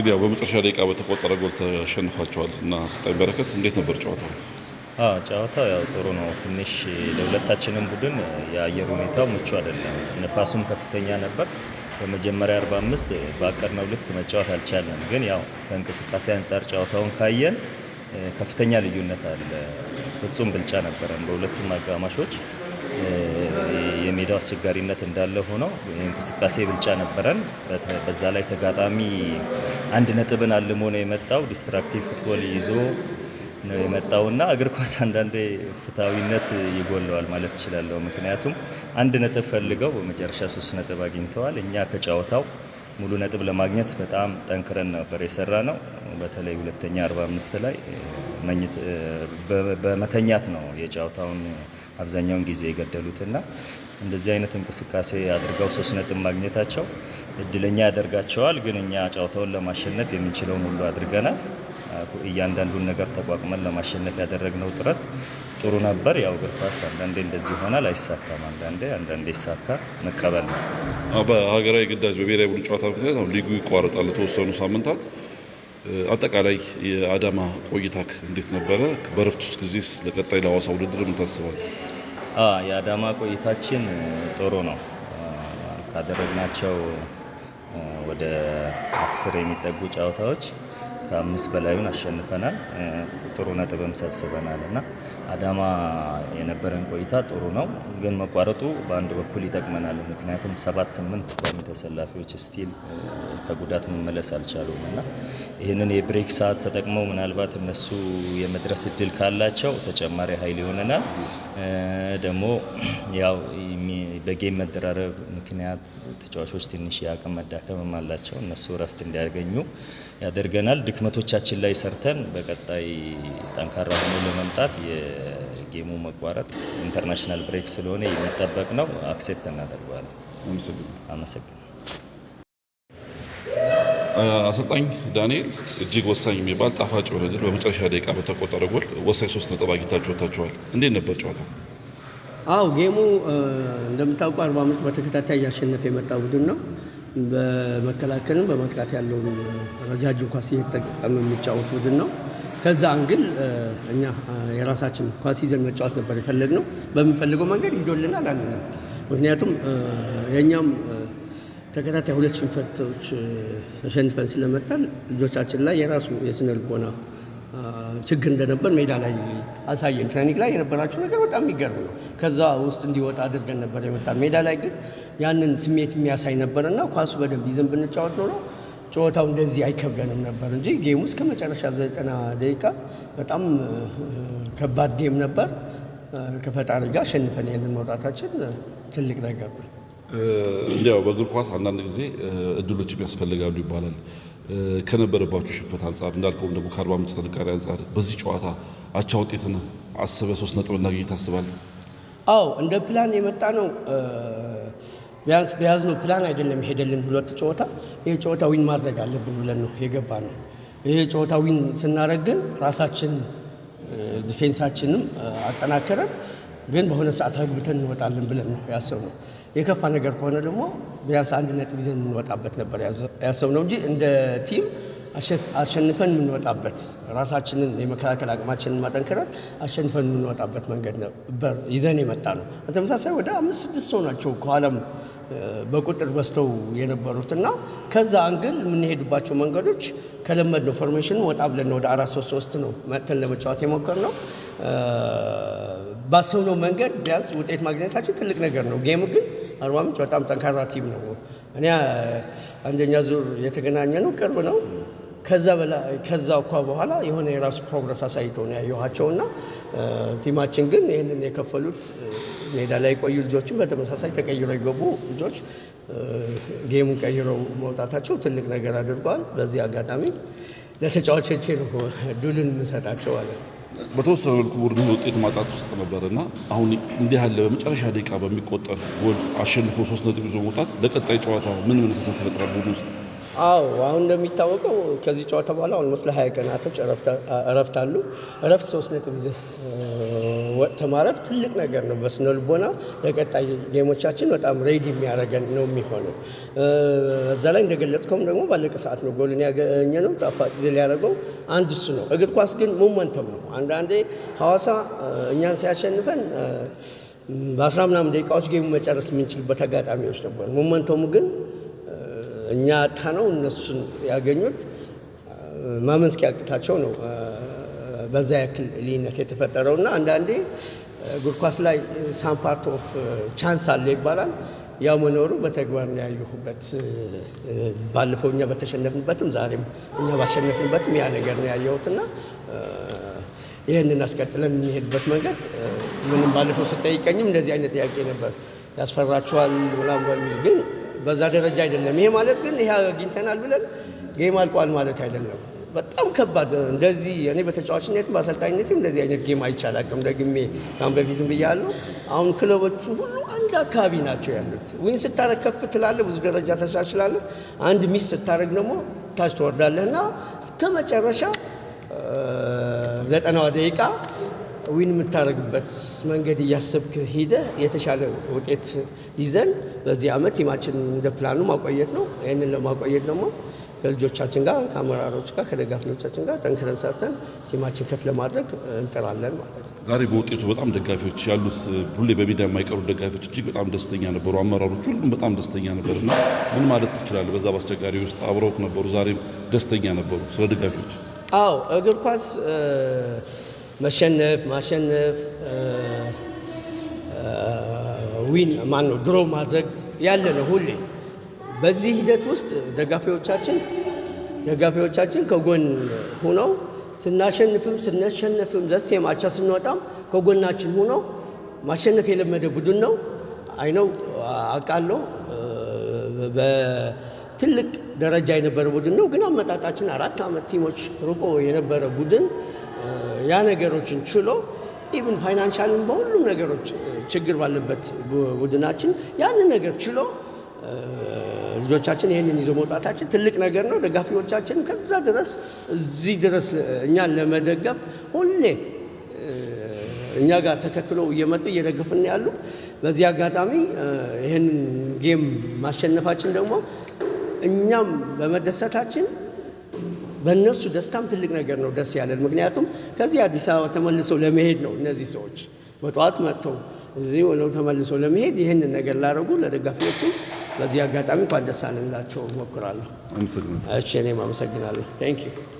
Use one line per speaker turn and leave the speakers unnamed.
እንግዲህ ያው በመጨረሻ ደቂቃ በተቆጠረ ጎል ተሸንፋቸዋል እና አሰልጣኝ በረከት እንዴት ነበር ጨዋታው?
ጨዋታ ያው ጥሩ ነው። ትንሽ ለሁለታችንም ቡድን የአየር ሁኔታው ምቹ አይደለም። ንፋሱም ከፍተኛ ነበር። በመጀመሪያ 45 በአቀድነው ልክ መጫወት አልቻለም። ግን ያው ከእንቅስቃሴ አንጻር ጨዋታውን ካየን ከፍተኛ ልዩነት አለ። ፍጹም ብልጫ ነበረን በሁለቱም አጋማሾች። የሜዳው አስቸጋሪነት እንዳለ ሆኖ እንቅስቃሴ ብልጫ ነበረን። በዛ ላይ ተጋጣሚ አንድ ነጥብን አልሞ ነው የመጣው። ዲስትራክቲቭ ፉትቦል ይዞ ነው የመጣው እና እግር ኳስ አንዳንዴ ፍትሐዊነት ይጎለዋል ማለት እችላለሁ። ምክንያቱም አንድ ነጥብ ፈልገው በመጨረሻ ሶስት ነጥብ አግኝተዋል። እኛ ከጨዋታው ሙሉ ነጥብ ለማግኘት በጣም ጠንክረን ነበር የሰራ ነው። በተለይ ሁለተኛ 45 ላይ በመተኛት ነው የጨዋታውን አብዛኛውን ጊዜ የገደሉትና እንደዚህ አይነት እንቅስቃሴ አድርገው ሶስት ነጥብ ማግኘታቸው እድለኛ ያደርጋቸዋል። ግን እኛ ጨዋታውን ለማሸነፍ የምንችለውን ሁሉ አድርገናል። እያንዳንዱን ነገር ተቋቁመን ለማሸነፍ ያደረግነው ጥረት ጥሩ ነበር። ያው እግር ኳስ አንዳንዴ እንደዚህ ይሆናል፣ አይሳካም። አንዳንዴ አንዳንዴ ይሳካ፣ መቀበል ነው።
በሀገራዊ ግዳጅ በብሔራዊ ቡድን ጨዋታ ምክንያት ሊጉ ይቋረጣል ለተወሰኑ ሳምንታት። አጠቃላይ የአዳማ ቆይታክ እንዴት ነበረ? በረፍት ውስጥ ጊዜስ ለቀጣይ ለዋሳ ውድድር ምን ታስባለህ?
የአዳማ ቆይታችን ጥሩ ነው። ካደረግናቸው ወደ አስር የሚጠጉ ጨዋታዎች ከአምስት በላዩን አሸንፈናል። ጥሩ ነጥብም ሰብስበናል እና አዳማ የነበረን ቆይታ ጥሩ ነው፣ ግን መቋረጡ በአንድ በኩል ይጠቅመናል። ምክንያቱም ሰባት ስምንት ቋሚ ተሰላፊዎች ስቲል ከጉዳት መመለስ አልቻሉም እና ይህንን የብሬክ ሰዓት ተጠቅመው ምናልባት እነሱ የመድረስ እድል ካላቸው ተጨማሪ ኃይል ይሆነናል። ደግሞ ያው በጌም መደራረብ ምክንያት ተጫዋቾች ትንሽ የአቅም መዳከምም አላቸው። እነሱ እረፍት እንዲያገኙ ያደርገናል። ድክመቶቻችን ላይ ሰርተን በቀጣይ ጠንካራ ሆኖ ለመምጣት የጌሙ መቋረጥ ኢንተርናሽናል ብሬክ ስለሆነ የሚጠበቅ ነው። አክሴፕት እናደርገዋለን። አመሰግን
አሰልጣኝ ዳንኤል እጅግ ወሳኝ የሚባል ጣፋጭ የሆነ ድል በመጨረሻ ደቂቃ በተቆጠረ ጎል ወሳኝ ሶስት ነጥብ አግኝታችሁ ወጥታችኋል። እንዴት ነበር ጨዋታው?
አው ጌሙ እንደምታውቁ አርባ ምንጭ በተከታታይ እያሸነፈ የመጣ ቡድን ነው። በመከላከልም በማጥቃት ያለውን ረጃጅም ኳስ እየተጠቀመ የሚጫወት ቡድን ነው። ከዛ አንግል እኛ የራሳችን ኳስ ይዘን መጫወት ነበር የፈለግነው። በምንፈልገው መንገድ ሂዶልናል አንልም። ምክንያቱም የእኛም ተከታታይ ሁለት ሽንፈቶች ተሸንፈን ስለመጣል ልጆቻችን ላይ የራሱ የስነ ልቦና ችግር እንደነበር ሜዳ ላይ አሳየን። ትሬኒንግ ላይ የነበራቸው ነገር በጣም የሚገርም ነው። ከዛ ውስጥ እንዲወጣ አድርገን ነበር የመጣ ሜዳ ላይ ግን ያንን ስሜት የሚያሳይ ነበር እና ኳሱ በደንብ ይዘን ብንጫወት ኖሮ ጨዋታው እንደዚህ አይከብደንም ነበር እንጂ ጌም ውስጥ ከመጨረሻ ዘጠና ደቂቃ በጣም ከባድ ጌም ነበር። ከፈጣሪ ጋር አሸንፈን ይህንን መውጣታችን ትልቅ ነገር ነው።
እንዲያው በእግር ኳስ አንዳንድ ጊዜ እድሎች ያስፈልጋሉ ይባላል። ከነበረባቸው ሽንፈት አንጻር እንዳልከውም ደግሞ ከአርባ ምንጭ ጥንካሬ አንጻር በዚህ ጨዋታ አቻ ውጤትን አስበ ሶስት ነጥብ እናገኝ ታስባል?
አዎ እንደ ፕላን የመጣ ነው። ቢያንስ በያዝነው ፕላን አይደለም ሄደልን ሁለት ጨዋታ። ይህ ጨዋታ ዊን ማድረግ አለብን ብለን ነው የገባ ነው። ይህ ጨዋታ ዊን ስናደረግ ግን ራሳችን ዲፌንሳችንም አጠናክረን ግን በሆነ ሰዓት አግብተን እንወጣለን ብለን ነው ያሰብነው። የከፋ ነገር ከሆነ ደግሞ ቢያንስ አንድ ነጥብ ይዘን የምንወጣበት ነበር ያሰብነው እንጂ እንደ ቲም አሸንፈን የምንወጣበት ራሳችንን የመከላከል አቅማችንን ማጠንከረን አሸንፈን የምንወጣበት መንገድ ነበር ይዘን የመጣ ነው። በተመሳሳይ ወደ አምስት ስድስት ሰው ናቸው ከኋላም በቁጥር በዝተው የነበሩት እና ከዛ አንግል የምንሄድባቸው መንገዶች ከለመድነው ፎርሜሽን ወጣ ብለን ወደ አራት ሶስት ሶስት ነው መጥተን ለመጫወት ነው። ባሰብነው መንገድ ቢያንስ ውጤት ማግኘታችን ትልቅ ነገር ነው። ጌሙ ግን አርባ ምንጭ በጣም ጠንካራ ቲም ነው። እኔ አንደኛ ዙር የተገናኘ ነው፣ ቅርብ ነው። ከዛ እኳ በኋላ የሆነ የራሱ ፕሮግረስ አሳይቶ ነው እና ቲማችን ግን ይህንን የከፈሉት ሜዳ ላይ የቆዩ ልጆችን በተመሳሳይ ተቀይረው የገቡ ልጆች ጌሙን ቀይረው መውጣታቸው ትልቅ ነገር አድርጓል። በዚህ አጋጣሚ ለተጫዋቾቼ ነው ዱልን የምሰጣቸው ማለት ነው።
በተወሰነ መልኩ ቡድኑ ውጤት ማጣት ውስጥ ነበር እና አሁን እንዲህ ያለ በመጨረሻ ደቂቃ በሚቆጠር ጎል አሸንፎ ሶስት ነጥብ ይዞ መውጣት ለቀጣይ ጨዋታ ምን መነሳሳት ይፈጥራል ቡድን ውስጥ?
አዎ አሁን እንደሚታወቀው ከዚህ ጨዋታ በኋላ ኦልሞስት ለሀያ ቀናቶች እረፍት አሉ። እረፍት ሶስት ነጥብ ይዘህ ወጥተ ማረፍ ትልቅ ነገር ነው። በስነ ልቦና ለቀጣይ ጌሞቻችን በጣም ሬዲ የሚያደርገን ነው የሚሆነው። እዛ ላይ እንደገለጽከውም ደግሞ ባለቀ ሰዓት ነው ጎልን ያገኘ ነው ጣፋጭ ድል ያደረገው አንድ እሱ ነው። እግር ኳስ ግን ሞመንተም ነው። አንዳንዴ ሐዋሳ እኛን ሲያሸንፈን በአስራ ምናምን ደቂቃዎች ጌሙ መጨረስ የምንችልበት አጋጣሚዎች ነበር። ሞመንተሙ ግን እኛ አታ ነው እነሱን ያገኙት ማመን እስኪያቅታቸው ነው። በዛ ያክል ልዩነት የተፈጠረው እና አንዳንዴ እግር ኳስ ላይ ሳምፓርት ኦፍ ቻንስ አለ ይባላል። ያው መኖሩ በተግባር ነው ያየሁበት። ባለፈው እኛ በተሸነፍንበትም ዛሬም እኛ ባሸነፍንበትም ያ ነገር ነው ያየሁት እና ይህንን አስቀጥለን የሚሄድበት መንገድ ምንም ባለፈው ስጠይቀኝም እንደዚህ አይነት ጥያቄ ነበር ያስፈራችኋል ምናምን በሚል ግን በዛ ደረጃ አይደለም። ይሄ ማለት ግን ይሄ አግኝተናል ብለን ጌም አልቋል ማለት አይደለም። በጣም ከባድ እንደዚህ እኔ በተጫዋችነትም በአሰልጣኝነትም እንደዚህ አይነት ጌም አይቻላቅም። ደግሜ ከአሁን በፊትም ብያለሁ። አሁን ክለቦቹ ሁሉ አንድ አካባቢ ናቸው ያሉት። ዊን ስታረግ ከፍ ትላለህ፣ ብዙ ደረጃ ተሻችላለህ። አንድ ሚስ ስታደረግ ደግሞ ታች ትወርዳለህ እና እስከ መጨረሻ ዘጠናዋ ደቂቃ ዊን የምታደርግበት መንገድ እያሰብክ ሂደ የተሻለ ውጤት ይዘን በዚህ ዓመት ቲማችን እንደ ፕላኑ ማቆየት ነው። ይህንን ለማቆየት ደግሞ ከልጆቻችን ጋር ከአመራሮች ጋር ከደጋፊዎቻችን ጋር ጠንክረን ሰርተን ቲማችን ከፍ ለማድረግ እንጥራለን ማለት
ነው። ዛሬ በውጤቱ በጣም ደጋፊዎች ያሉት ሁሌ በሜዳ የማይቀሩ ደጋፊዎች እጅግ በጣም ደስተኛ ነበሩ። አመራሮች ሁሉም በጣም ደስተኛ ነበር እና ምን ማለት ትችላለህ? በዛ በአስቸጋሪ ውስጥ አብረውት ነበሩ፣ ዛሬም ደስተኛ ነበሩ። ስለ ደጋፊዎች።
አዎ እግር ኳስ መሸነፍ ማሸነፍ ዊን ማን ነው ድሮ ማድረግ ያለ ነው ሁሌ በዚህ ሂደት ውስጥ ደጋፊዎቻችን ደጋፊዎቻችን ከጎን ሆነው ስናሸንፍም ስናሸንፍም ዘሴ ማቻ ስንወጣም ከጎናችን ሆኖ ማሸነፍ የለመደ ቡድን ነው። አይነው አውቃለሁ። በትልቅ ደረጃ የነበረ ቡድን ነው። ግን አመጣጣችን አራት ዓመት ቲሞች ርቆ የነበረ ቡድን ያ ነገሮችን ችሎ ኢቭን ፋይናንሻልን በሁሉም ነገሮች ችግር ባለበት ቡድናችን ያንን ነገር ችሎ ልጆቻችን ይህንን ይዞ መውጣታችን ትልቅ ነገር ነው። ደጋፊዎቻችንም ከዛ ድረስ እዚህ ድረስ እኛን ለመደገፍ ሁሌ እኛ ጋር ተከትሎ እየመጡ እየደገፍን ያሉ በዚህ አጋጣሚ ይህን ጌም ማሸነፋችን ደግሞ እኛም በመደሰታችን በእነሱ ደስታም ትልቅ ነገር ነው፣ ደስ ያለን። ምክንያቱም ከዚህ አዲስ አበባ ተመልሰው ለመሄድ ነው እነዚህ ሰዎች በጠዋት መጥተው እዚህ ሆነው ተመልሰው ለመሄድ ይህንን ነገር ላደረጉ ለደጋፊዎቹ በዚህ አጋጣሚ እንኳን ደስ አለላቸው እሞክራለሁ። እሺ እኔም አመሰግናለሁ። ቴንክ ዩ